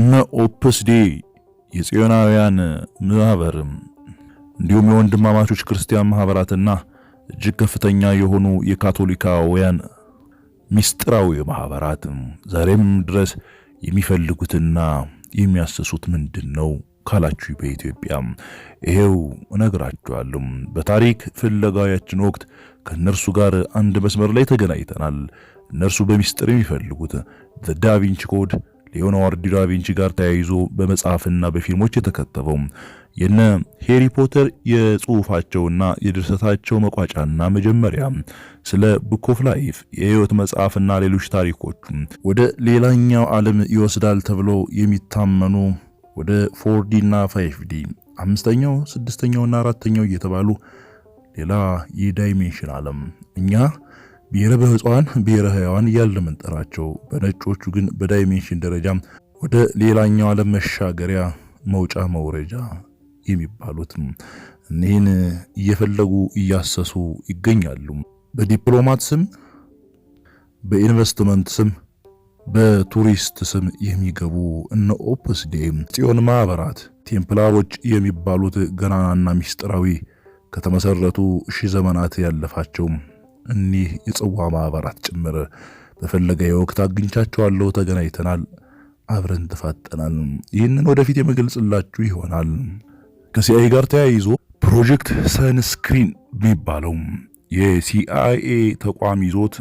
እነ ኦፕስዴ የጽዮናውያን ማህበር እንዲሁም የወንድማማቾች ክርስቲያን ማህበራትና እጅግ ከፍተኛ የሆኑ የካቶሊካውያን ሚስጥራዊ ማህበራት ዛሬም ድረስ የሚፈልጉትና የሚያሰሱት ምንድን ነው ካላችሁ በኢትዮጵያ ይሄው እነግራችኋለሁ። በታሪክ ፍለጋያችን ወቅት ከእነርሱ ጋር አንድ መስመር ላይ ተገናኝተናል። እነርሱ በሚስጥር የሚፈልጉት ዳቪንች ኮድ ሊዮናርድ ዲራቪንቺ ጋር ተያይዞ በመጽሐፍና በፊልሞች የተከተበው የነ ሄሪ ፖተር የጽሁፋቸውና የድርሰታቸው መቋጫና መጀመሪያ ስለ ቡክ ኦፍ ላይፍ የህይወት መጽሐፍና ሌሎች ታሪኮች ወደ ሌላኛው ዓለም ይወስዳል ተብሎ የሚታመኑ ወደ ፎርዲ እና ፋይፍዲ አምስተኛው ስድስተኛውና አራተኛው እየተባሉ ሌላ የዳይሜንሽን ዓለም እኛ ብሔረ ብህፃዋን ብሔረ ህያዋን እያልን የምንጠራቸው በነጮቹ ግን በዳይሜንሽን ደረጃ ወደ ሌላኛው ዓለም መሻገሪያ መውጫ መውረጃ የሚባሉት እኒህን እየፈለጉ እያሰሱ ይገኛሉ። በዲፕሎማት ስም፣ በኢንቨስትመንት ስም፣ በቱሪስት ስም የሚገቡ እነ ኦፕስ ጽዮን ማህበራት ቴምፕላሮች የሚባሉት ገናናና ሚስጥራዊ ከተመሰረቱ ሺህ ዘመናት ያለፋቸው እኒህ የጽዋ ማኅበራት ጭምር በፈለገ የወቅት አግኝቻቸዋለሁ። ተገናኝተናል፣ አብረን ተፋጠናል። ይህንን ወደፊት የምገልጽላችሁ ይሆናል። ከሲአይኤ ጋር ተያይዞ ፕሮጀክት ሰንስክሪን የሚባለው የሲአይኤ ተቋም ይዞት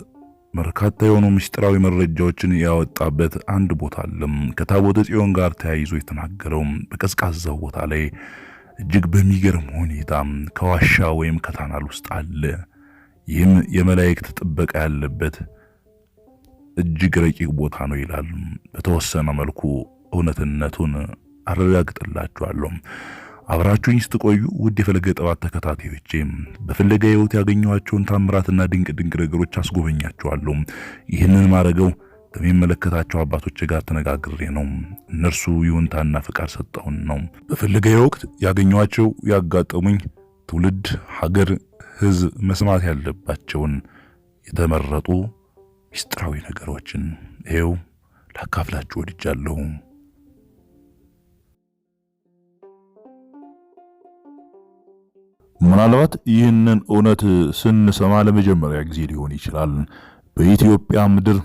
በርካታ የሆኑ ምስጢራዊ መረጃዎችን ያወጣበት አንድ ቦታ አለም። ከታቦተ ጽዮን ጋር ተያይዞ የተናገረው በቀዝቃዛው ቦታ ላይ እጅግ በሚገርም ሁኔታ ከዋሻ ወይም ከታናል ውስጥ አለ። ይህም የመላእክት ጥበቃ ያለበት እጅግ ረቂቅ ቦታ ነው ይላል። በተወሰነ መልኩ እውነትነቱን አረጋግጥላችኋለሁ። አብራችሁኝ ስትቆዩ ውድ የፈለገ ጥበባት ተከታታዮቼ በፍለጋ ህይወት ያገኘኋቸውን ታምራትና ድንቅ ድንቅ ነገሮች አስጎበኛችኋለሁ። ይህንን ማድረገው ከሚመለከታቸው አባቶች ጋር ተነጋግሬ ነው። እነርሱ ይሁንታና ፍቃድ ሰጠውን ነው። በፍለጋዬ ወቅት ያገኘኋቸው ያጋጠሙኝ ትውልድ ሀገር ሕዝብ መስማት ያለባቸውን የተመረጡ ሚስጥራዊ ነገሮችን ይሄው ላካፍላችሁ ወድጃለሁ። ምናልባት ይህንን እውነት ስንሰማ ለመጀመሪያ ጊዜ ሊሆን ይችላል። በኢትዮጵያ ምድር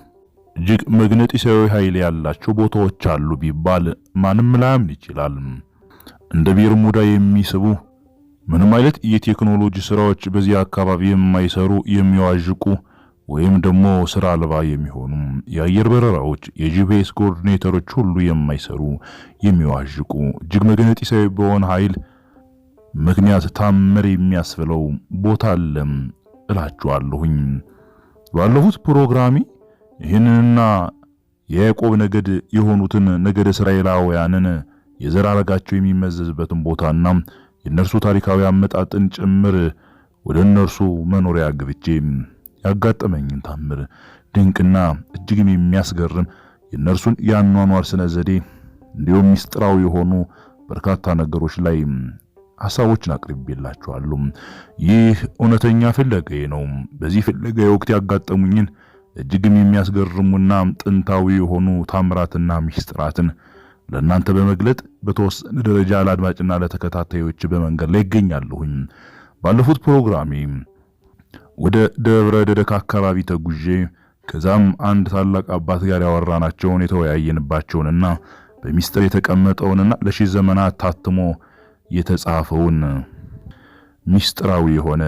እጅግ መግነጢሳዊ ኃይል ያላቸው ቦታዎች አሉ ቢባል ማንም ላያምን ይችላል። እንደ ቤርሙዳ የሚስቡ ምንም አይነት የቴክኖሎጂ ስራዎች በዚህ አካባቢ የማይሰሩ የሚዋዥቁ ወይም ደግሞ ስራ አልባ የሚሆኑ የአየር በረራዎች፣ የጂፒኤስ ኮኦርዲኔተሮች ሁሉ የማይሰሩ የሚዋዥቁ እጅግ መገነጢሳዊ በሆነ ኃይል ምክንያት ታምር የሚያስብለው ቦታ አለም እላችኋለሁኝ። ባለፉት ፕሮግራሚ ይህንንና የያዕቆብ ነገድ የሆኑትን ነገደ እስራኤላውያንን የዘር ሐረጋቸው የሚመዘዝበትን ቦታና የእነርሱ ታሪካዊ አመጣጥን ጭምር ወደ እነርሱ መኖሪያ ግብቼ ያጋጠመኝን ታምር ድንቅና እጅግም የሚያስገርም የእነርሱን የአኗኗር ስነ ዘዴ እንዲሁም ሚስጥራዊ የሆኑ በርካታ ነገሮች ላይ ሐሳቦችን አቅርቤላችኋሉ። ይህ እውነተኛ ፍለጋዬ ነው። በዚህ ፍለጋዬ ወቅት ያጋጠሙኝን እጅግም የሚያስገርሙና ጥንታዊ የሆኑ ታምራትና ሚስጥራትን ለእናንተ በመግለጥ በተወሰነ ደረጃ ለአድማጭና ለተከታታዮች በመንገድ ላይ ይገኛለሁኝ። ባለፉት ፕሮግራሜ ወደ ደብረ ደደካ አካባቢ ተጉዤ ከዛም አንድ ታላቅ አባት ጋር ያወራናቸውን የተወያየንባቸውንና በሚስጥር የተቀመጠውንና ለሺ ዘመናት ታትሞ የተጻፈውን ሚስጥራዊ የሆነ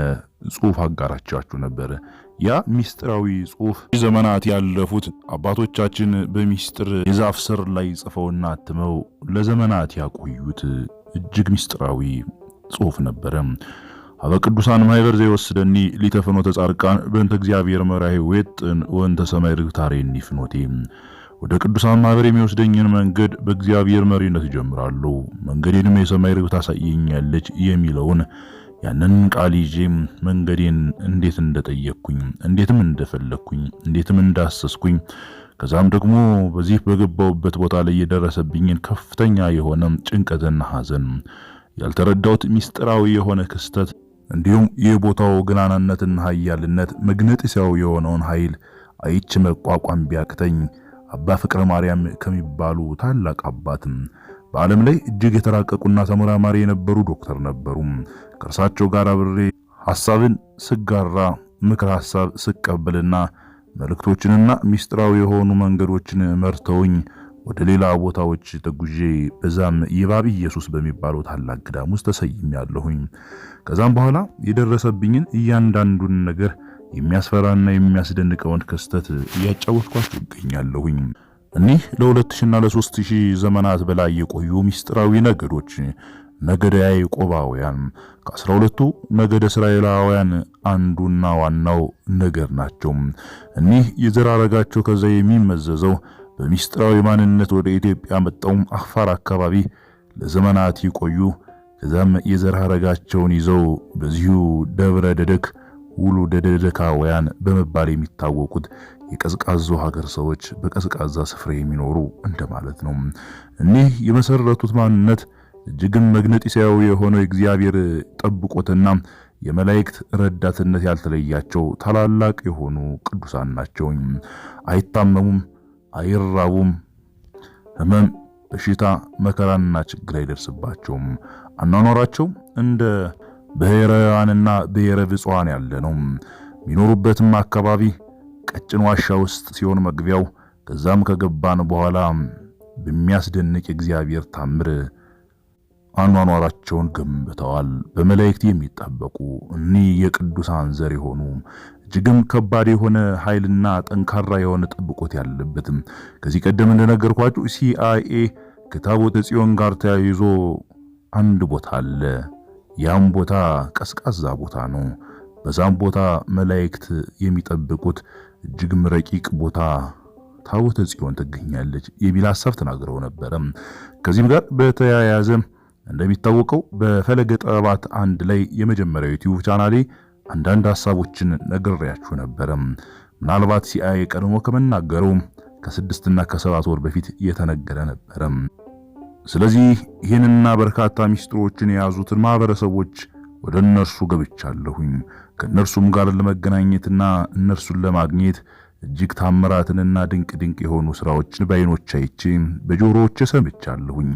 ጽሑፍ አጋራቻችሁ ነበር። ያ ሚስጥራዊ ጽሁፍ ዘመናት ያለፉት አባቶቻችን በሚስጥር የዛፍ ስር ላይ ጽፈውና አትመው ለዘመናት ያቆዩት እጅግ ሚስጥራዊ ጽሁፍ ነበረ። አበ ቅዱሳን ማይበር ዘይወስደኒ ሊተ ፍኖተ ጻድቃን በእንተ እግዚአብሔር መራሄ ወጥን ወእንተ ሰማይ ርግታሬኒ ፍኖቴ። ወደ ቅዱሳን ማኅበር የሚወስደኝን መንገድ በእግዚአብሔር መሪነት እጀምራለሁ መንገዴንም የሰማይ ርግብ ታሳየኛለች የሚለውን ያንን ቃል ይዤም መንገዴን እንዴት እንደጠየቅኩኝ፣ እንዴትም እንደፈለግኩኝ፣ እንዴትም እንዳሰስኩኝ ከዛም ደግሞ በዚህ በገባውበት ቦታ ላይ የደረሰብኝን ከፍተኛ የሆነ ጭንቀትና ሐዘን ያልተረዳሁት ሚስጥራዊ የሆነ ክስተት እንዲሁም የቦታው ገናናነትና ኃያልነት መግነጢሳዊ የሆነውን ኃይል አይች መቋቋም ቢያቅተኝ አባ ፍቅረ ማርያም ከሚባሉ ታላቅ አባትም በዓለም ላይ እጅግ የተራቀቁና ተመራማሪ የነበሩ ዶክተር ነበሩ። ከእርሳቸው ጋር አብሬ ሐሳብን ስጋራ፣ ምክር ሐሳብ ስቀበልና መልእክቶችንና ሚስጥራዊ የሆኑ መንገዶችን መርተውኝ ወደ ሌላ ቦታዎች ተጉዤ በዛም ይባብ ኢየሱስ በሚባለው ታላቅ ገዳም ውስጥ ተሰይሜያለሁኝ። ከዛም በኋላ የደረሰብኝን እያንዳንዱን ነገር የሚያስፈራና የሚያስደንቀውን ክስተት እያጫወትኳችሁ እገኛለሁኝ። እኒህ ለ2000ና ለ3000 ዘመናት በላይ የቆዩ ምስጢራዊ ነገዶች ነገደ ያዕቆባውያን ከአስራ ሁለቱ ነገደ እስራኤላውያን አንዱና ዋናው ነገር ናቸው። እኒህ የዘር ሐረጋቸው ከዛ የሚመዘዘው በሚስጥራዊ ማንነት ወደ ኢትዮጵያ መጣው አፋር አካባቢ ለዘመናት የቆዩ ከዛም የዘር ሐረጋቸውን ይዘው በዚሁ ደብረ ደደክ ውሉ ደደደካውያን በመባል የሚታወቁት የቀዝቃዛው ሀገር ሰዎች በቀዝቃዛ ስፍራ የሚኖሩ እንደማለት ነው። እኒህ የመሰረቱት ማንነት እጅግም መግነጢሳዊ የሆነው እግዚአብሔር ጠብቆትና የመላእክት ረዳትነት ያልተለያቸው ታላላቅ የሆኑ ቅዱሳን ናቸው። አይታመሙም፣ አይራቡም፣ ህመም፣ በሽታ፣ መከራና ችግር አይደርስባቸውም። አኗኗራቸው እንደ ብሔራውያንና ብሔረ ብፁዓን ያለ ነው። የሚኖሩበትም አካባቢ ቀጭን ዋሻ ውስጥ ሲሆን መግቢያው፣ ከዛም ከገባን በኋላ በሚያስደንቅ የእግዚአብሔር ታምር አኗኗራቸውን ገንብተዋል። በመላእክት የሚጠበቁ እኒህ የቅዱሳን ዘር የሆኑ እጅግም ከባድ የሆነ ኃይልና ጠንካራ የሆነ ጥብቆት ያለበትም። ከዚህ ቀደም እንደነገርኳችሁ ሲአይኤ ከታቦተ ጽዮን ጋር ተያይዞ አንድ ቦታ አለ ያም ቦታ ቀዝቃዛ ቦታ ነው። በዛም ቦታ መላእክት የሚጠብቁት እጅግም ረቂቅ ቦታ ታቦተ ጽዮን ትገኛለች የሚል ሀሳብ ተናግረው ነበረ። ከዚህም ጋር በተያያዘ እንደሚታወቀው በፈለገ ጥበባት አንድ ላይ የመጀመሪያው ዩቲዩብ ቻናሌ አንዳንድ ሀሳቦችን ነግሬያችሁ ነበረ። ምናልባት ሲአይ ቀድሞ ከመናገረው ከስድስትና ከሰባት ወር በፊት የተነገረ ነበረ። ስለዚህ ይህንና በርካታ ሚስጥሮችን የያዙትን ማህበረሰቦች ወደ እነርሱ ገብቻለሁኝ። ከእነርሱም ጋር ለመገናኘትና እነርሱን ለማግኘት እጅግ ታምራትንና ድንቅ ድንቅ የሆኑ ስራዎችን በዓይኖች አይቼ በጆሮዎቼ ሰምቻለሁኝ።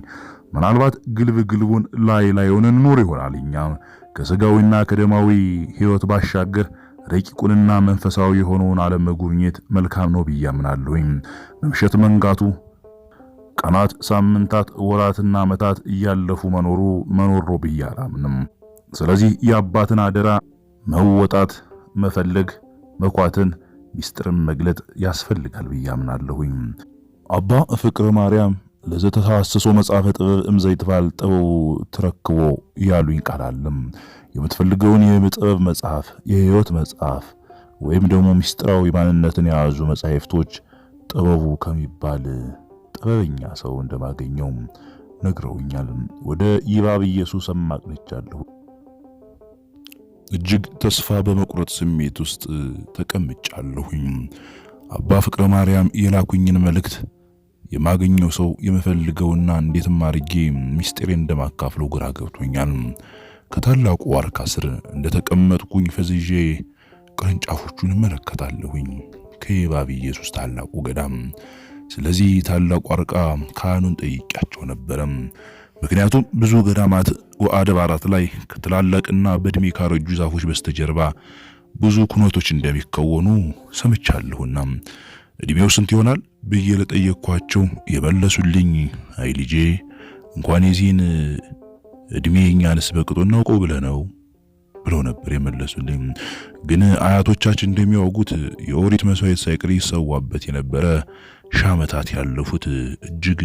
ምናልባት ግልብ ግልቡን ላይ ላይሆን ኑር ይሆናል። እኛ ከስጋዊና ከደማዊ ህይወት ባሻገር ረቂቁንና መንፈሳዊ የሆነውን ዓለም መጎብኘት መልካም ነው ብዬ አምናለሁኝ። መምሸት መንጋቱ ቀናት፣ ሳምንታት፣ ወራትና ዓመታት እያለፉ መኖሩ መኖር ነው ብዬ አላምንም። ስለዚህ የአባትን አደራ መወጣት፣ መፈለግ፣ መኳትን፣ ሚስጥርን መግለጥ ያስፈልጋል ብዬ አምናለሁኝ። አባ ፍቅረ ማርያም ለዘተሐሰሶ መጽሐፈ ጥበብ እምዘይትፋልጠው ትረክቦ ያሉኝ ቃል አለም። የምትፈልገውን የጥበብ መጽሐፍ፣ የህይወት መጽሐፍ ወይም ደግሞ ሚስጥራዊ ማንነትን የያዙ መጻሕፍቶች ጥበቡ ከሚባል ጥበበኛ ሰው እንደማገኘው ነግረውኛል። ወደ ይባብ ኢየሱስ አማቅነቻለሁ። እጅግ ተስፋ በመቁረጥ ስሜት ውስጥ ተቀምጫለሁኝ። አባ ፍቅረ ማርያም የላኩኝን መልእክት የማገኘው ሰው የምፈልገውና እንዴትም አድርጌ ሚስጢሬ እንደማካፍለው ግራ ገብቶኛል። ከታላቁ ዋርካ ስር እንደተቀመጥኩኝ ፈዝዤ ቅርንጫፎቹን እመለከታለሁኝ። ከየባብ ኢየሱስ ታላቁ ገዳም ስለዚህ ታላቁ አርቃ ካህኑን ጠይቂያቸው ነበረም። ምክንያቱም ብዙ ገዳማት ወአድባራት ላይ ከትላላቅና በእድሜ ካረጁ ዛፎች በስተጀርባ ብዙ ኩነቶች እንደሚከወኑ ሰምቻለሁና እድሜው ስንት ይሆናል ብዬ ለጠየቅኳቸው የመለሱልኝ አይ ልጄ እንኳን የዚህን እድሜ እኛንስ በቅጡ እናውቀው ብለ ነው ብለው ነበር የመለሱልኝ። ግን አያቶቻችን እንደሚያወጉት የኦሪት መስዋዕት ሳይቀር ይሰዋበት የነበረ ሺህ ዓመታት ያለፉት እጅግ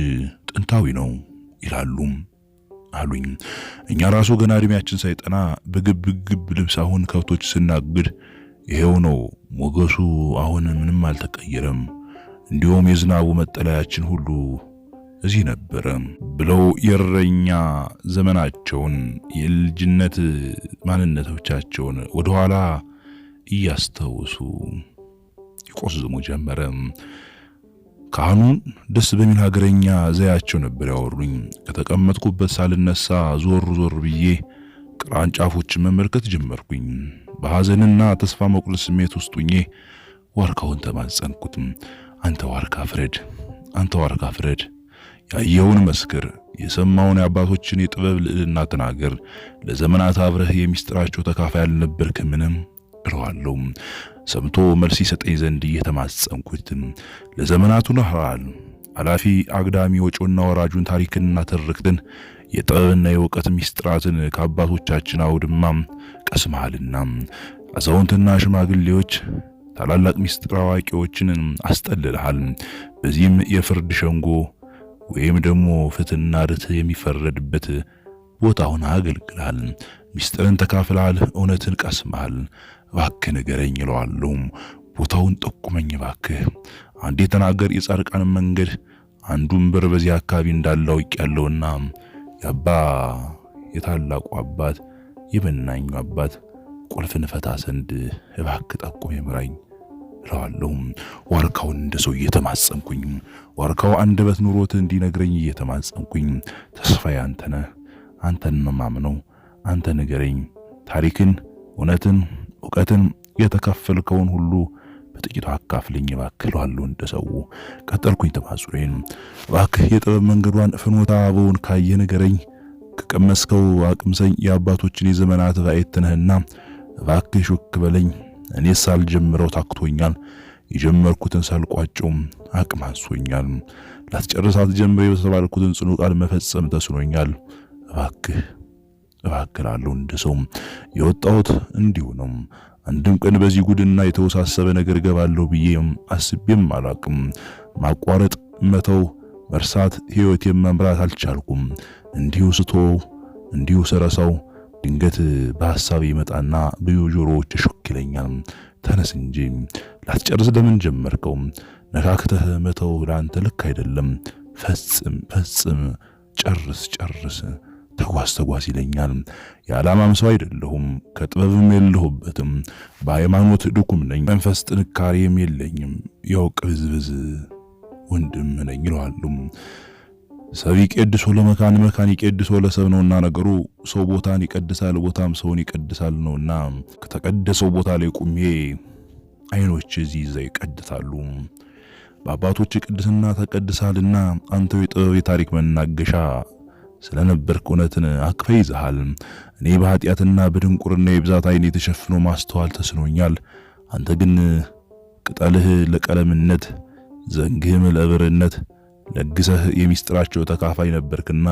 ጥንታዊ ነው ይላሉ አሉኝ። እኛ ራሱ ገና እድሜያችን ሳይጠና በግብግብ ልብስ አሁን ከብቶች ስናግድ ይሄው ነው ሞገሱ። አሁን ምንም አልተቀየረም። እንዲሁም የዝናቡ መጠለያችን ሁሉ እዚህ ነበረ ብለው የረኛ ዘመናቸውን የልጅነት ማንነቶቻቸውን ወደኋላ እያስታወሱ ይቆዝሙ ጀመረ። ካህኑን ደስ በሚል ሀገረኛ ዘያቸው ነበር ያወሩኝ። ከተቀመጥኩበት ሳልነሳ ዞር ዞር ብዬ ቅርንጫፎችን መመልከት ጀመርኩኝ። በሐዘንና ተስፋ መቁል ስሜት ውስጥ ሁኜ ዋርካውን ተማጸንኩት። አንተ ዋርካ ፍረድ፣ አንተ ዋርካ ፍረድ፣ ያየውን መስክር፣ የሰማውን የአባቶችን የጥበብ ልዕልና ተናገር፣ ለዘመናት አብረህ የሚስጥራቸው ተካፋይ አልነበርክምንም? ምንም አማክረዋለሁ። ሰምቶ መልስ ይሰጠኝ ዘንድ እየተማጸንኩትም ለዘመናቱ ነህራል ኃላፊ አግዳሚ ወጪውና ወራጁን ታሪክንና ትርክትን የጥበብና የእውቀት ሚስጥራትን ከአባቶቻችን አውድማ ቀስመሃልና አዛውንትና ሽማግሌዎች ታላላቅ ሚስጥር አዋቂዎችን አስጠልልሃል። በዚህም የፍርድ ሸንጎ ወይም ደግሞ ፍትህና ርት የሚፈረድበት ቦታውን አገልግልሃል። ሚስጥርን ተካፍልሃል፣ እውነትን ቀስመሃል። እባክህ ንገረኝ ይለዋሉ። ቦታውን ጠቁመኝ እባክህ። አንዴ ተናገር የጻድቃንን መንገድ አንዱን በር በዚህ አካባቢ እንዳለ አውቅ ያለውና የአባ የታላቁ አባት የበናኙ አባት ቁልፍን ፈታ ዘንድ እባክህ ጠቁም ምራኝ እለዋለሁ። ዋርካውን እንደ ሰው እየተማጸንኩኝ ዋርካው አንደበት ኑሮት እንዲነግረኝ እየተማጸንኩኝ፣ ተስፋዬ አንተ አንተን ነው ማምነው፣ አንተ ንገረኝ ታሪክን እውነትን እውቀትን የተካፈልከውን ሁሉ በጥቂቱ አካፍልኝ እባክህ እለዋለሁ ቀጠልኩኝ ተማጽኖዬን። እባክህ የጥበብ መንገዷን ፍኖተ አበውን ካየ ንገረኝ፣ ከቀመስከው አቅምሰኝ፣ የአባቶችን የዘመናት ባዕት ነህና እባክህ ሹክ በለኝ። እኔ ሳልጀምረው ታክቶኛል፣ የጀመርኩትን ሳልቋጨው አቅም አንሶኛል፣ ላትጨርሳት ጀምሬ በተባልኩትን ጽኑ ቃል መፈጸም ተስኖኛል። እባክህ እባክላለሁ እንደ ሰው የወጣሁት እንዲሁ ነው። አንድም ቀን በዚህ ጉድና የተወሳሰበ ነገር ገባለሁ ብዬም አስቤም አላቅም። ማቋረጥ፣ መተው፣ መርሳት ህይወቴን መምራት አልቻልኩም። እንዲሁ ስቶ እንዲሁ ሰረሰው ድንገት በሐሳብ ይመጣና ብዩ ጆሮዎች ሹክ ይለኛል። ተነስ እንጂ ላትጨርስ ለምን ጀመርከው? ነካክተህ መተው ለአንተ ልክ አይደለም። ፈጽም ፈጽም፣ ጨርስ ጨርስ ተጓዝ ተጓዝ ይለኛል። የዓላማም ሰው አይደለሁም፣ ከጥበብም የለሁበትም። በሃይማኖት ድኩም ነኝ፣ መንፈስ ጥንካሬም የለኝም። ያው ቅብዝብዝ ወንድም ነኝ ይለዋሉ። ሰብ ይቀድሶ ለመካን መካን ይቀድሶ ለሰብ ነውና ነገሩ ሰው ቦታን ይቀድሳል፣ ቦታም ሰውን ይቀድሳል ነውና ከተቀደሰው ቦታ ላይ ቁሜ አይኖች እዚህ እዛ ይቀድታሉ። በአባቶች ቅድስና ተቀድሳልና አንተው የጥበብ የታሪክ መናገሻ ስለነበርክ እውነትን አቅፈ ይዘሃል። እኔ በኃጢአትና በድንቁርና የብዛት ዓይኔ የተሸፍኖ ማስተዋል ተስኖኛል። አንተ ግን ቅጠልህ ለቀለምነት ዘንግህም ለብርነት ለግሰህ የሚስጥራቸው ተካፋይ ነበርክና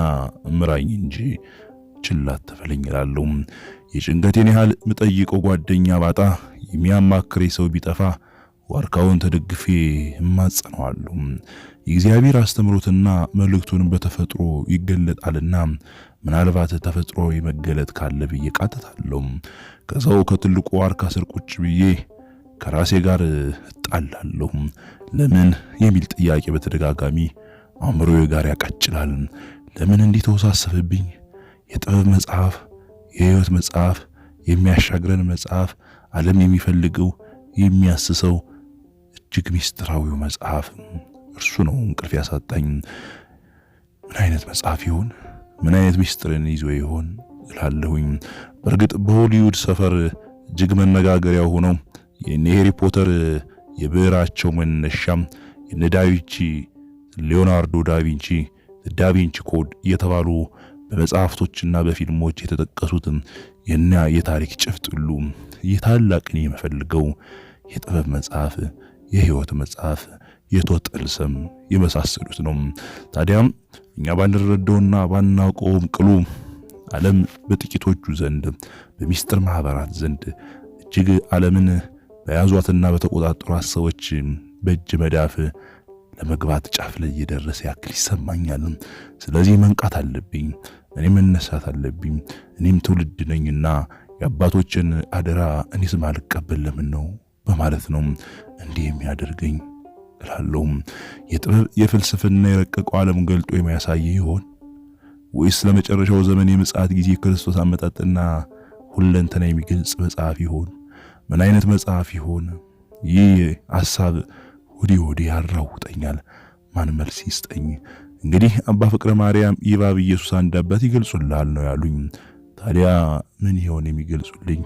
ምራኝ እንጂ ችላት ተፈለኝ እላለሁ። የጭንቀቴን ያህል ምጠይቀው ጓደኛ ባጣ የሚያማክሬ ሰው ቢጠፋ ዋርካውን ተደግፌ እማጸነዋለሁ። የእግዚአብሔር አስተምሮትና መልእክቱን በተፈጥሮ ይገለጣልና ምናልባት ተፈጥሮ መገለጥ ካለ ብዬ ቃተታለሁ። ከዛው ከትልቁ ዋርካ ስር ቁጭ ብዬ ከራሴ ጋር እጣላለሁ። ለምን የሚል ጥያቄ በተደጋጋሚ አእምሮዬ ጋር ያቃጭላል። ለምን እንዲህ ተወሳሰፈብኝ? የጥበብ መጽሐፍ፣ የህይወት መጽሐፍ፣ የሚያሻግረን መጽሐፍ፣ ዓለም የሚፈልገው የሚያስሰው እጅግ ሚስጥራዊው መጽሐፍ እርሱ ነው እንቅልፍ ያሳጣኝ። ምን አይነት መጽሐፍ ይሆን? ምን አይነት ሚስጥርን ይዞ ይሆን እላለሁኝ። በእርግጥ በሆሊውድ ሰፈር እጅግ መነጋገሪያ ሆነው የእነ ሄሪ ፖተር የብዕራቸው መነሻም የነ ዳቪንቺ ሊዮናርዶ ዳቪንቺ ዳቪንቺ ኮድ እየተባሉ በመጽሐፍቶችና በፊልሞች የተጠቀሱት የና የታሪክ ጭፍጥሉ ሁሉ ይህ ታላቅን የምፈልገው የጥበብ መጽሐፍ የህይወት መጽሐፍ፣ የቶጠል ስም የመሳሰሉት ነው። ታዲያም እኛ ባንረዳውና ባናውቀውም ቅሉ ዓለም በጥቂቶቹ ዘንድ በሚስጥር ማህበራት ዘንድ እጅግ ዓለምን በያዟትና በተቆጣጠሯት ሰዎች በእጅ መዳፍ ለመግባት ጫፍ ላይ እየደረሰ ያክል ይሰማኛል። ስለዚህ መንቃት አለብኝ፣ እኔ መነሳት አለብኝ። እኔም ትውልድ ነኝና የአባቶችን አደራ እኔስ አልቀበል ለምን ነው በማለት ነው እንዲህ የሚያደርገኝ ላለውም የጥበብ የፍልስፍና የረቀቀው ዓለም ገልጦ የሚያሳይ ይሆን ወይስ ለመጨረሻው ዘመን የምጽአት ጊዜ ክርስቶስ አመጣጥና ሁለንተና የሚገልጽ መጽሐፍ ይሆን? ምን አይነት መጽሐፍ ይሆን? ይህ ሐሳብ ወዲህ ወዲ ያራውጠኛል። ማን መልስ ይስጠኝ? እንግዲህ አባ ፍቅረ ማርያም ይባብ ኢየሱስ አንድ አባት ይገልጹልሃል ነው ያሉኝ። ታዲያ ምን ይሆን የሚገልጹልኝ?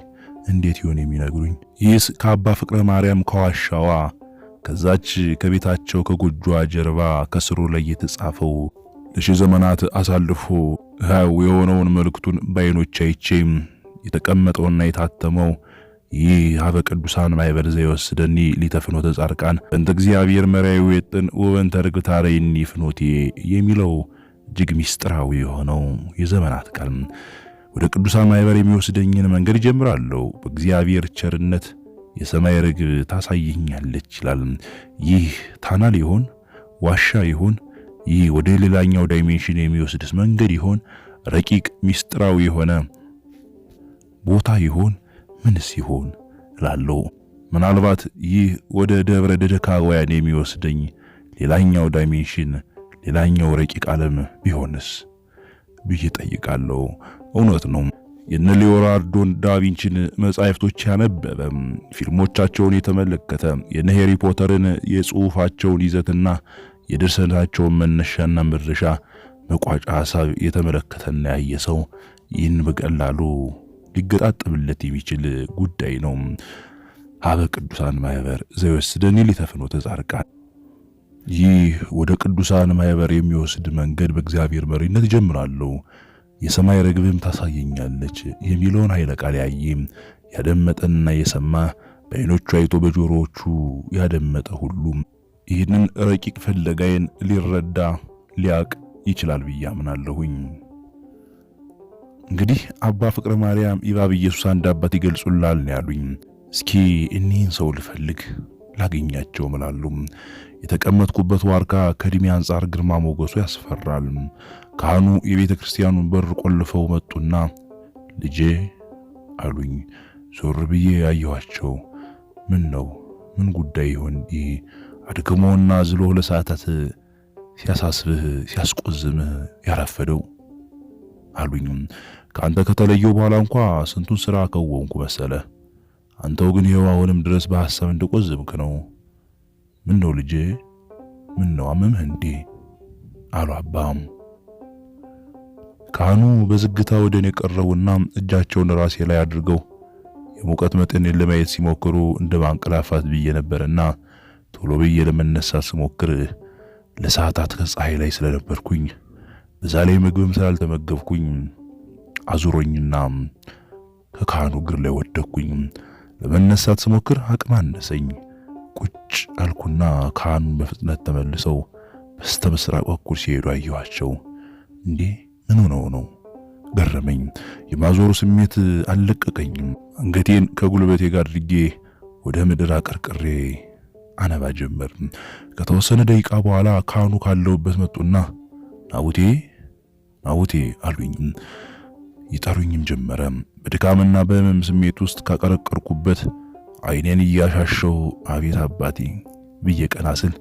እንዴት ይሆን የሚነግሩኝ? ይህስ ከአባ ፍቅረ ማርያም ከዋሻዋ ከዛች ከቤታቸው ከጎጇ ጀርባ ከስሩ ላይ የተጻፈው ለሺ ዘመናት አሳልፎ ሕያው የሆነውን መልእክቱን በዓይኖች አይቼም የተቀመጠውና የታተመው ይህ አበ ቅዱሳን ማይበር ዘይወስደኒ ሊተ ፍኖተ ጻድቃን እንተ እግዚአብሔር መሪያዊ ወጥን ወበንተ ርግብ ታረይኒ ፍኖቴ የሚለው እጅግ ሚስጥራዊ የሆነው የዘመናት ቃል ወደ ቅዱሳን ማኅበር የሚወስደኝን መንገድ እጀምራለሁ። በእግዚአብሔር ቸርነት የሰማይ ርግብ ታሳየኛለች ይላል። ይህ ታናል ይሆን? ዋሻ ይሆን? ይህ ወደ ሌላኛው ዳይሜንሽን የሚወስድስ መንገድ ይሆን? ረቂቅ ሚስጥራዊ የሆነ ቦታ ይሆን? ምንስ ይሆን እላለሁ። ምናልባት ይህ ወደ ደብረ ደደካውያን የሚወስደኝ ሌላኛው ዳይሜንሽን፣ ሌላኛው ረቂቅ ዓለም ቢሆንስ ብዬ ጠይቃለሁ። እውነት ነው። የነ ሊዮናርዶ ዳቪንችን መጻሕፍቶች ያነበበ፣ ፊልሞቻቸውን የተመለከተ፣ የነ ሄሪ ፖተርን የጽሑፋቸውን ይዘትና የድርሰታቸውን መነሻና መድረሻ መቋጫ ሐሳብ የተመለከተና ያየ ሰው ይህን በቀላሉ ሊገጣጠምለት የሚችል ጉዳይ ነው። አበ ቅዱሳን ማህበር ዘይወስደኒ ሊተፍኖተ ጻድቃን። ይህ ወደ ቅዱሳን ማህበር የሚወስድ መንገድ በእግዚአብሔር መሪነት ጀምራለሁ የሰማይ ርግብም ታሳየኛለች የሚለውን ኃይለ ቃል ያየ ያደመጠና የሰማ በዓይኖቹ አይቶ በጆሮዎቹ ያደመጠ ሁሉም ይህንን ረቂቅ ፍለጋዬን ሊረዳ ሊያቅ ይችላል ብዬ አምናለሁኝ። እንግዲህ አባ ፍቅረ ማርያም ኢባብ ኢየሱስ አንድ አባት ይገልጹላል ያሉኝ። እስኪ እኒህን ሰው ልፈልግ ላገኛቸው ምላሉ። የተቀመጥኩበት ዋርካ ከእድሜ አንጻር ግርማ ሞገሱ ያስፈራል። ካህኑ የቤተ ክርስቲያኑን በር ቆልፈው መጡና ልጄ አሉኝ። ዞር ብዬ ያየኋቸው፣ ምን ነው ምን ጉዳይ ይሆን ይህ አድክሞና ዝሎ ለሰዓታት ሲያሳስብህ ሲያስቆዝምህ ያረፈደው አሉኝ። ከአንተ ከተለየው በኋላ እንኳ ስንቱን ስራ ከወንኩ መሰለ አንተው ግን ይኸው አሁንም ድረስ በሐሳብ እንደቆዘብክ ነው። ምን ነው ልጄ? ምን ነው አመምህ እንዴ? አሉ አባም። ካህኑ በዝግታ ወደ እኔ ቀረቡና እጃቸውን ራሴ ላይ አድርገው የሙቀት መጠኔን ለማየት ሲሞክሩ እንደ ማንቀላፋት ብዬ ነበርና ቶሎ ብዬ ለመነሳት ስሞክር ለሰዓታት ከፀሐይ ላይ ስለነበርኩኝ በዛ ላይ ምግብም ስላልተመገብኩኝ አዙሮኝና ከካህኑ እግር ላይ ወደኩኝ። ለመነሳት ስሞክር አቅም አነሰኝ። ቁጭ አልኩና ካህኑን በፍጥነት ተመልሰው በስተ ምስራቅ በኩል ሲሄዱ አየኋቸው። እንዴ ምን ሆነው ነው? ገረመኝ። የማዞሩ ስሜት አልለቀቀኝም። አንገቴን ከጉልበቴ ጋር አድርጌ ወደ ምድር አቀርቅሬ አነባ ጀመር። ከተወሰነ ደቂቃ በኋላ ካህኑ ካለውበት መጡና ናቡቴ ናቡቴ አሉኝ። ይጠሩኝም ጀመረ። በድካምና በህመም ስሜት ውስጥ ካቀረቀርኩበት አይኔን እያሻሸው አቤት አባቴ ብዬ ቀና ስል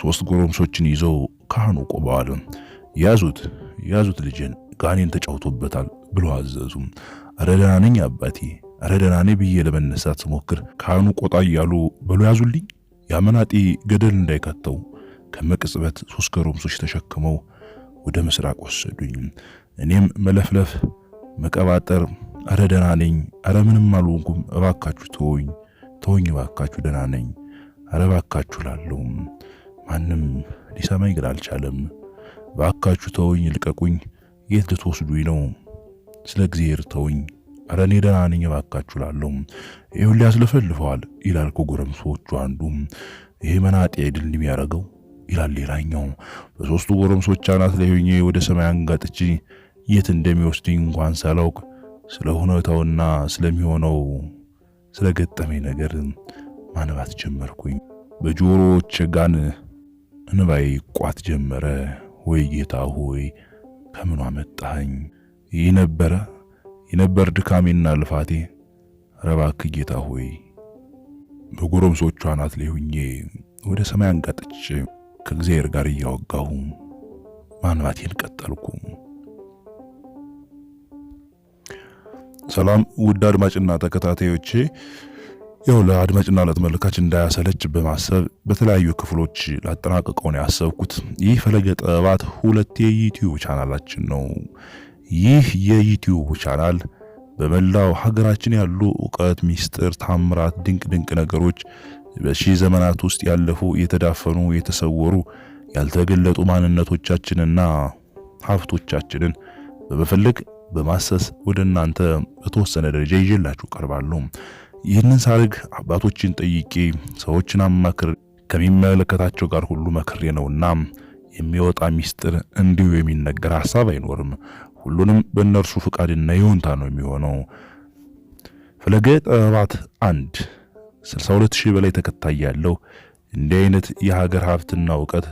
ሶስት ጎረምሶችን ይዘው ካህኑ ቆመዋል። ያዙት ያዙት፣ ልጄን ጋኔን ተጫውቶበታል ብሎ አዘዙ። አረ ደህና ነኝ አባቴ፣ አረ ደህና ነኝ ብዬ ለመነሳት ስሞክር ካህኑ ቆጣ እያሉ በሎ ያዙልኝ፣ የአመናጤ ገደል እንዳይከተው ከመቅጽበት ሶስት ጎረምሶች ተሸክመው ወደ ምስራቅ ወሰዱኝ። እኔም መለፍለፍ መቀባጠር አረ ደህና ነኝ፣ አረ ምንም አልሆንኩም፣ እባካችሁ ተወኝ፣ ተወኝ፣ እባካችሁ ደህና ነኝ፣ አረ እባካችሁ ላለው ማንም ሊሰማኝ ግን አልቻለም። እባካችሁ ተወኝ፣ ልቀቁኝ፣ የት ልትወስዱኝ ነው? ስለ እግዚአብሔር ተወኝ፣ አረ እኔ ደህና ነኝ፣ እባካችሁ ላለው ይሁን ሊያስለፈልፈዋል ይላል ከጎረምሶቹ አንዱ። ይሄ መናጤ ድል የሚያደርገው ይላል ሌላኛው። በሶስቱ ጎረምሶች አናት ላይ ሆኜ ወደ ሰማይ አንጋጥቼ የት እንደሚወስድኝ እንኳን ሳላውቅ ስለ ሁኔታውና ስለሚሆነው ስለ ገጠመኝ ነገር ማንባት ጀመርኩኝ። በጆሮዎች ጋን እንባይ ቋት ጀመረ። ወይ ጌታ ሆይ ከምኗ አመጣኸኝ? ይህ ነበረ የነበር ድካሜና ልፋቴ። ረባክ ጌታ ሆይ በጎረምሶቿ አናት ላይ ወደ ሰማይ አንጋጥጬ ከእግዚአብሔር ጋር እያወጋሁ ማንባቴን ቀጠልኩ። ሰላም ውድ አድማጭና ተከታታዮቼ፣ ያው ለአድማጭና ለተመልካች እንዳያሰለች በማሰብ በተለያዩ ክፍሎች ላጠናቀቀው ነው ያሰብኩት። ይህ ፈለገ ጥበባት ሁለት የዩቲዩብ ቻናላችን ነው። ይህ የዩቲዩብ ቻናል በመላው ሀገራችን ያሉ እውቀት፣ ሚስጥር፣ ታምራት፣ ድንቅ ድንቅ ነገሮች በሺህ ዘመናት ውስጥ ያለፉ የተዳፈኑ፣ የተሰወሩ ያልተገለጡ ማንነቶቻችንና ሀብቶቻችንን በመፈለግ በማሰስ ወደ እናንተ በተወሰነ ደረጃ ይዤላችሁ ቀርባለሁ። ይህንን ሳርግ አባቶችን ጠይቄ ሰዎችን አማክር ከሚመለከታቸው ጋር ሁሉ መክሬ ነውና የሚወጣ ሚስጥር እንዲሁ የሚነገር ሐሳብ አይኖርም። ሁሉንም በእነርሱ ፍቃድና ይሁንታ ነው የሚሆነው። ፈለገ ጥበባት አንድ 62000 በላይ ተከታይ ያለው እንዲህ አይነት የሀገር ሀብትና እውቀት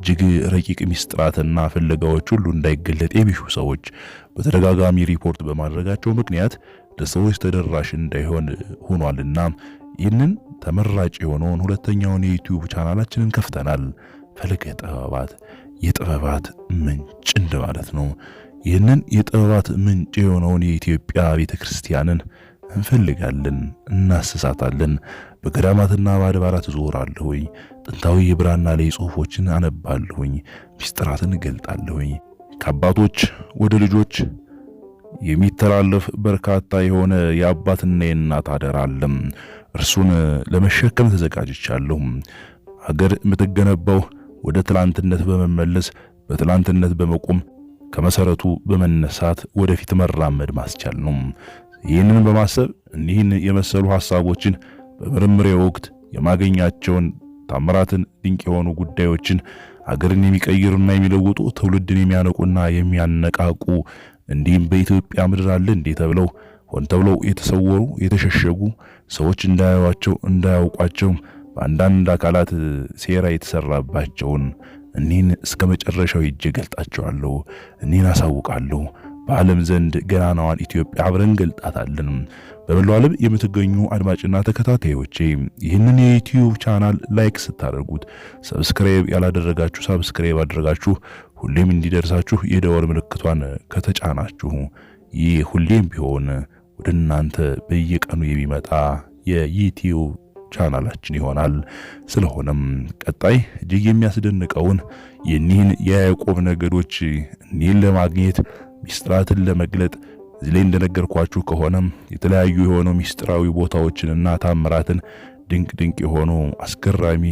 እጅግ ረቂቅ ሚስጥራትና ፍለጋዎች ሁሉ እንዳይገለጥ የሚሹ ሰዎች በተደጋጋሚ ሪፖርት በማድረጋቸው ምክንያት ለሰዎች ተደራሽ እንዳይሆን ሆኗልና ይህንን ተመራጭ የሆነውን ሁለተኛውን የዩቲዩብ ቻናላችንን ከፍተናል። ፈለገ ጥበባት የጥበባት ምንጭ እንደማለት ነው። ይህንን የጥበባት ምንጭ የሆነውን የኢትዮጵያ ቤተክርስቲያንን እንፈልጋለን፣ እናስሳታለን። በገዳማትና በአድባራት ዞር አለሁኝ ጥንታዊ የብራና ላይ ጽሑፎችን አነባለሁኝ፣ ሚስጥራትን እገልጣለሁኝ። ከአባቶች ወደ ልጆች የሚተላለፍ በርካታ የሆነ የአባትና የእናት አደራ አለም። እርሱን ለመሸከም ተዘጋጅቻለሁ። ሀገር የምትገነባው ወደ ትላንትነት በመመለስ በትላንትነት በመቆም ከመሰረቱ በመነሳት ወደፊት መራመድ ማስቻል ነው። ይህንን በማሰብ እኒህን የመሰሉ ሐሳቦችን በምርምሬ ወቅት የማገኛቸውን ታምራትን፣ ድንቅ የሆኑ ጉዳዮችን አገርን የሚቀይሩና የሚለውጡ ትውልድን የሚያነቁና የሚያነቃቁ እንዲህም በኢትዮጵያ ምድር አለ እንዴ ተብለው ሆን ተብለው የተሰወሩ የተሸሸጉ ሰዎች እንዳያዩቸው እንዳያውቋቸው በአንዳንድ አካላት ሴራ የተሰራባቸውን እኒህን እስከ መጨረሻው ይዤ ገልጣቸዋለሁ። እኒህን አሳውቃለሁ። በዓለም ዘንድ ገናናዋን ኢትዮጵያ አብረን ገልጣታለን። በመላው ዓለም የምትገኙ አድማጭና ተከታታዮቼ ይህንን የዩቲዩብ ቻናል ላይክ ስታደርጉት፣ ሰብስክራይብ ያላደረጋችሁ ሰብስክራይብ አድርጋችሁ ሁሌም እንዲደርሳችሁ የደወል ምልክቷን ከተጫናችሁ ይህ ሁሌም ቢሆን ወደ እናንተ በየቀኑ የሚመጣ የዩቲዩብ ቻናላችን ይሆናል። ስለሆነም ቀጣይ እጅግ የሚያስደንቀውን የኒህን የያዕቆብ ነገዶች እኒህን ለማግኘት ሚስጥራትን ለመግለጥ እዚህ ላይ እንደነገርኳችሁ ከሆነም የተለያዩ የሆኑ ሚስጥራዊ ቦታዎችንና ታምራትን ድንቅ ድንቅ የሆኑ አስገራሚ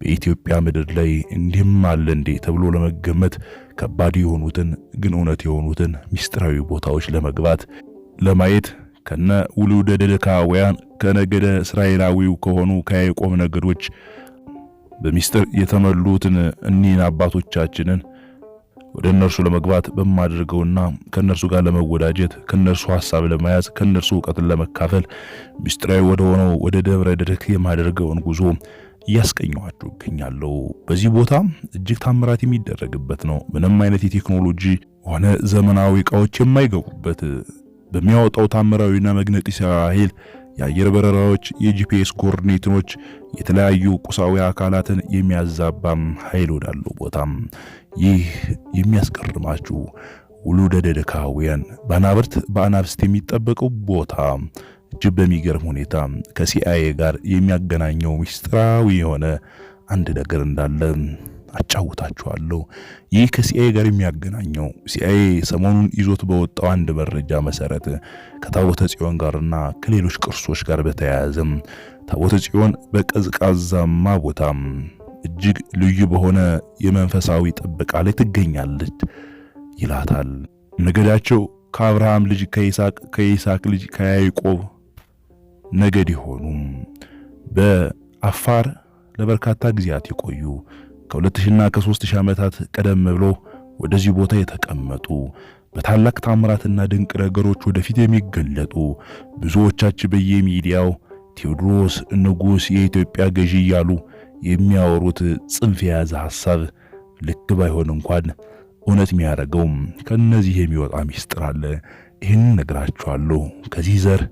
በኢትዮጵያ ምድር ላይ እንዲህም አለ እንዴ ተብሎ ለመገመት ከባድ የሆኑትን ግን እውነት የሆኑትን ሚስጥራዊ ቦታዎች ለመግባት ለማየት ከነ ውሉደ ደደካውያን ከነገደ እስራኤላዊው ከሆኑ ከያዕቆብ ነገዶች በሚስጥር የተመሉትን እኒህን አባቶቻችንን ወደ እነርሱ ለመግባት በማደርገውና ከእነርሱ ጋር ለመወዳጀት ከእነርሱ ሐሳብ ለመያዝ ከእነርሱ እውቀትን ለመካፈል ምስጢራዊ ወደ ሆነው ወደ ደብረ ድርክ የማደርገውን ጉዞ እያስቀኘኋችሁ እገኛለሁ። በዚህ ቦታ እጅግ ታምራት የሚደረግበት ነው። ምንም አይነት የቴክኖሎጂ ሆነ ዘመናዊ እቃዎች የማይገቡበት በሚያወጣው ታምራዊና መግነጢሳዊ ኃይል የአየር በረራዎች፣ የጂፒኤስ ኮርኔትኖች የተለያዩ ቁሳዊ አካላትን የሚያዛባም ኃይል ወዳለው ቦታም ይህ የሚያስገርማችሁ ውሉደ ደደካውያን በአናብርት በአናብስት የሚጠበቀው ቦታ እጅግ በሚገርም ሁኔታ ከሲአይኤ ጋር የሚያገናኘው ሚስጥራዊ የሆነ አንድ ነገር እንዳለ አጫውታችኋለሁ። ይህ ከሲአይኤ ጋር የሚያገናኘው ሲአይኤ ሰሞኑን ይዞት በወጣው አንድ መረጃ መሰረት ከታቦተ ጽዮን ጋርና ከሌሎች ቅርሶች ጋር በተያያዘም ታቦተ ጽዮን በቀዝቃዛማ ቦታም እጅግ ልዩ በሆነ የመንፈሳዊ ጥበቃ ላይ ትገኛለች ይላታል። ነገዳቸው ከአብርሃም ልጅ ከይስሐቅ፣ ከይስሐቅ ልጅ ከያይቆብ ነገድ የሆኑ በአፋር ለበርካታ ጊዜያት የቆዩ ከ2000ና ከ3000 ዓመታት ቀደም ብሎ ወደዚህ ቦታ የተቀመጡ በታላቅ ታምራትና ድንቅ ነገሮች ወደፊት የሚገለጡ ብዙዎቻችን በየሚዲያው ቴዎድሮስ ንጉሥ የኢትዮጵያ ገዢ እያሉ የሚያወሩት ጽንፍ የያዘ ሐሳብ ልክ ባይሆን እንኳን እውነት የሚያደርገውም ከነዚህ የሚወጣ ሚስጥር አለ። ይህን ነግራችኋለሁ። ከዚህ ዘር፣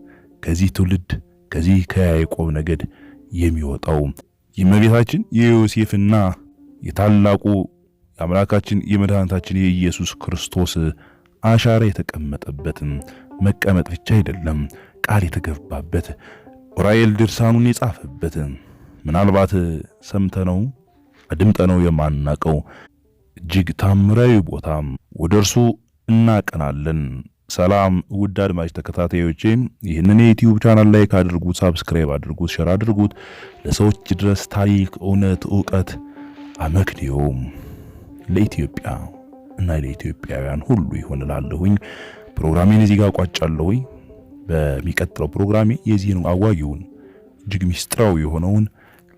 ከዚህ ትውልድ፣ ከዚህ ከያዕቆብ ነገድ የሚወጣው የእመቤታችን የዮሴፍና የታላቁ የአምላካችን የመድኃኒታችን የኢየሱስ ክርስቶስ አሻራ የተቀመጠበትን መቀመጥ ብቻ አይደለም፣ ቃል የተገባበት ዑራኤል ድርሳኑን የጻፈበት ምናልባት ሰምተነው አድምጠነው የማናቀው እጅግ ታምራዊ ቦታ ወደ እርሱ እናቀናለን። ሰላም ውድ አድማጭ ተከታታዮቼ፣ ይህንን የዩቲዩብ ቻናል ላይክ አድርጉት ሳብስክራይብ አድርጉት፣ ሸር አድርጉት፣ ለሰዎች ድረስ ታሪክ፣ እውነት፣ እውቀት አመክንዮም ለኢትዮጵያ እና ለኢትዮጵያውያን ሁሉ ይሆን ፕሮግራሜን እዚህ ጋር ቋጫለሁ። በሚቀጥለው ፕሮግራሜ የዚህን አዋጊውን እጅግ ሚስጥራዊ የሆነውን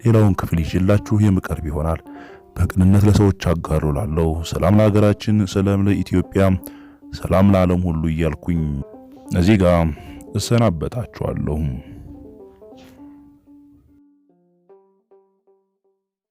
ሌላውን ክፍል ይዤላችሁ የምቀርብ ይሆናል። በቅንነት ለሰዎች አጋሩ ሰላም ለሀገራችን፣ ሰላም ለኢትዮጵያ፣ ሰላም ለዓለም ሁሉ እያልኩኝ እዚህ ጋር እሰናበታችኋለሁም።